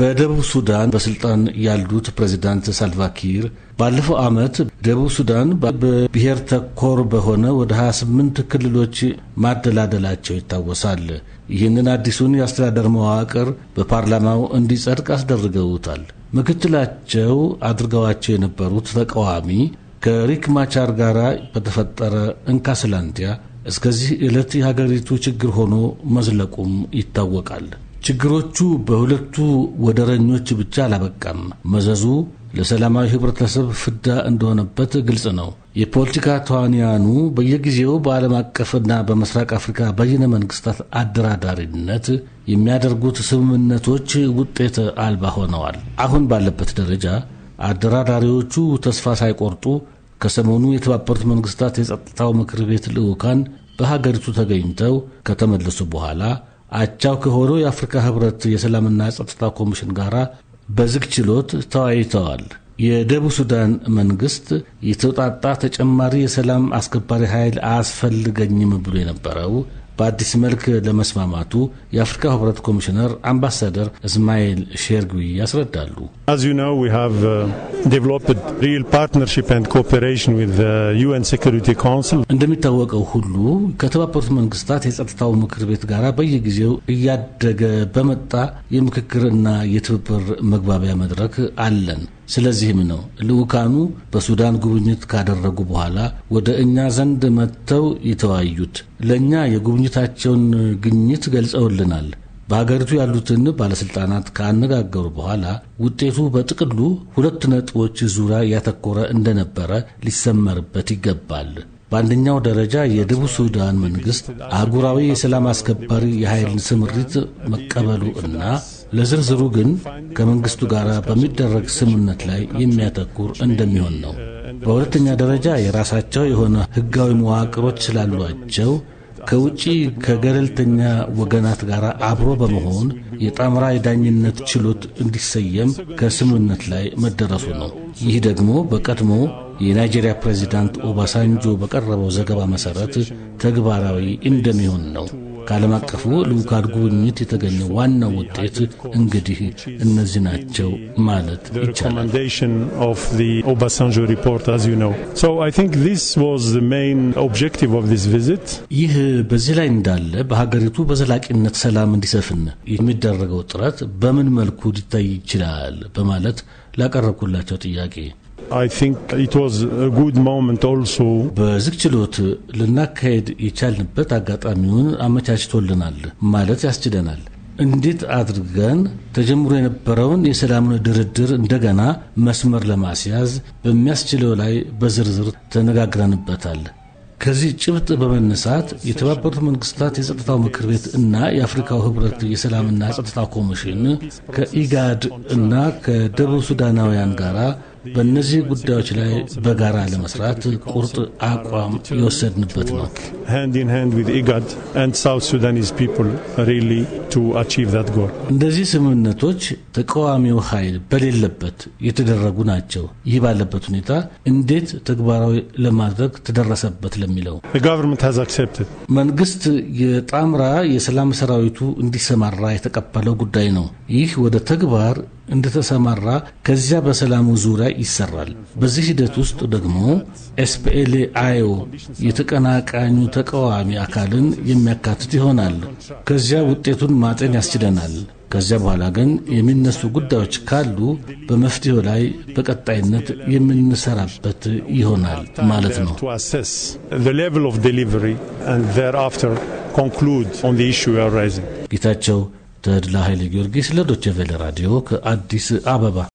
በደቡብ ሱዳን በስልጣን ያሉት ፕሬዚዳንት ሳልቫኪር ባለፈው ዓመት ደቡብ ሱዳን በብሔር ተኮር በሆነ ወደ 28 ክልሎች ማደላደላቸው ይታወሳል። ይህንን አዲሱን የአስተዳደር መዋቅር በፓርላማው እንዲጸድቅ አስደርገውታል። ምክትላቸው አድርገዋቸው የነበሩት ተቃዋሚ ከሪክ ማቻር ጋር በተፈጠረ እንካስላንቲያ እስከዚህ ዕለት የሀገሪቱ ችግር ሆኖ መዝለቁም ይታወቃል። ችግሮቹ በሁለቱ ወደረኞች ብቻ አላበቃም። መዘዙ ለሰላማዊ ህብረተሰብ ፍዳ እንደሆነበት ግልጽ ነው። የፖለቲካ ተዋንያኑ በየጊዜው በዓለም አቀፍና በምስራቅ አፍሪካ በይነ መንግስታት አደራዳሪነት የሚያደርጉት ስምምነቶች ውጤት አልባ ሆነዋል። አሁን ባለበት ደረጃ አደራዳሪዎቹ ተስፋ ሳይቆርጡ ከሰሞኑ የተባበሩት መንግስታት የጸጥታው ምክር ቤት ልዑካን በሀገሪቱ ተገኝተው ከተመለሱ በኋላ አቻው ከሆነው የአፍሪካ ህብረት የሰላምና ጸጥታ ኮሚሽን ጋር በዝግ ችሎት ተወያይተዋል። የደቡብ ሱዳን መንግስት የተውጣጣ ተጨማሪ የሰላም አስከባሪ ኃይል አያስፈልገኝም ብሎ የነበረው በአዲስ መልክ ለመስማማቱ የአፍሪካ ህብረት ኮሚሽነር አምባሳደር እስማኤል ሼርግዊ ያስረዳሉ። uh, uh, እንደሚታወቀው ሁሉ ከተባበሩት መንግስታት የጸጥታው ምክር ቤት ጋር በየጊዜው እያደገ በመጣ የምክክርና የትብብር መግባቢያ መድረክ አለን። ስለዚህም ነው ልዑካኑ በሱዳን ጉብኝት ካደረጉ በኋላ ወደ እኛ ዘንድ መጥተው የተወያዩት። ለእኛ የጉብኝታቸውን ግኝት ገልጸውልናል። በሀገሪቱ ያሉትን ባለሥልጣናት ካነጋገሩ በኋላ ውጤቱ በጥቅሉ ሁለት ነጥቦች ዙሪያ ያተኮረ እንደነበረ ሊሰመርበት ይገባል። በአንደኛው ደረጃ የደቡብ ሱዳን መንግስት አህጉራዊ የሰላም አስከባሪ የኃይልን ስምሪት መቀበሉ እና ለዝርዝሩ ግን ከመንግስቱ ጋር በሚደረግ ስምምነት ላይ የሚያተኩር እንደሚሆን ነው። በሁለተኛ ደረጃ የራሳቸው የሆነ ህጋዊ መዋቅሮች ስላሏቸው ከውጪ ከገለልተኛ ወገናት ጋር አብሮ በመሆን የጣምራ የዳኝነት ችሎት እንዲሰየም ከስምምነት ላይ መደረሱ ነው። ይህ ደግሞ በቀድሞ የናይጄሪያ ፕሬዚዳንት ኦባሳንጆ በቀረበው ዘገባ መሰረት ተግባራዊ እንደሚሆን ነው። ከዓለም አቀፉ ልዑካን ጉብኝት የተገኘ ዋናው ውጤት እንግዲህ እነዚህ ናቸው ማለት ይቻላል። ይህ በዚህ ላይ እንዳለ በሀገሪቱ በዘላቂነት ሰላም እንዲሰፍን የሚደረገው ጥረት በምን መልኩ ሊታይ ይችላል በማለት ላቀረብኩላቸው ጥያቄ በዝግ ችሎት ልናካሄድ የቻልንበት አጋጣሚውን አመቻችቶልናል ማለት ያስችለናል። እንዴት አድርገን ተጀምሮ የነበረውን የሰላሙን ድርድር እንደገና መስመር ለማስያዝ በሚያስችለው ላይ በዝርዝር ተነጋግረንበታል። ከዚህ ጭብጥ በመነሳት የተባበሩት መንግስታት የጸጥታው ምክር ቤት እና የአፍሪካው ህብረት የሰላምና ጸጥታ ኮሚሽን ከኢጋድ እና ከደቡብ ሱዳናውያን ጋር በእነዚህ ጉዳዮች ላይ በጋራ ለመስራት ቁርጥ አቋም የወሰድንበት ነው። እንደዚህ ስምምነቶች ተቃዋሚው ኃይል በሌለበት የተደረጉ ናቸው። ይህ ባለበት ሁኔታ እንዴት ተግባራዊ ለማድረግ ተደረሰበት ለሚለው መንግስት የጣምራ የሰላም ሰራዊቱ እንዲሰማራ የተቀበለው ጉዳይ ነው። ይህ ወደ ተግባር እንደተሰማራ ከዚያ በሰላሙ ዙሪያ ይሰራል። በዚህ ሂደት ውስጥ ደግሞ አዮ የተቀናቃኙ ተቃዋሚ አካልን የሚያካትት ይሆናል። ከዚያ ውጤቱን ማጤን ያስችለናል። ከዚያ በኋላ ግን የሚነሱ ጉዳዮች ካሉ በመፍትሄው ላይ በቀጣይነት የምንሰራበት ይሆናል ማለት ነው። ጌታቸው ተድላ ኃይለ ጊዮርጊስ ለዶቸቬለ ራዲዮ ከአዲስ አበባ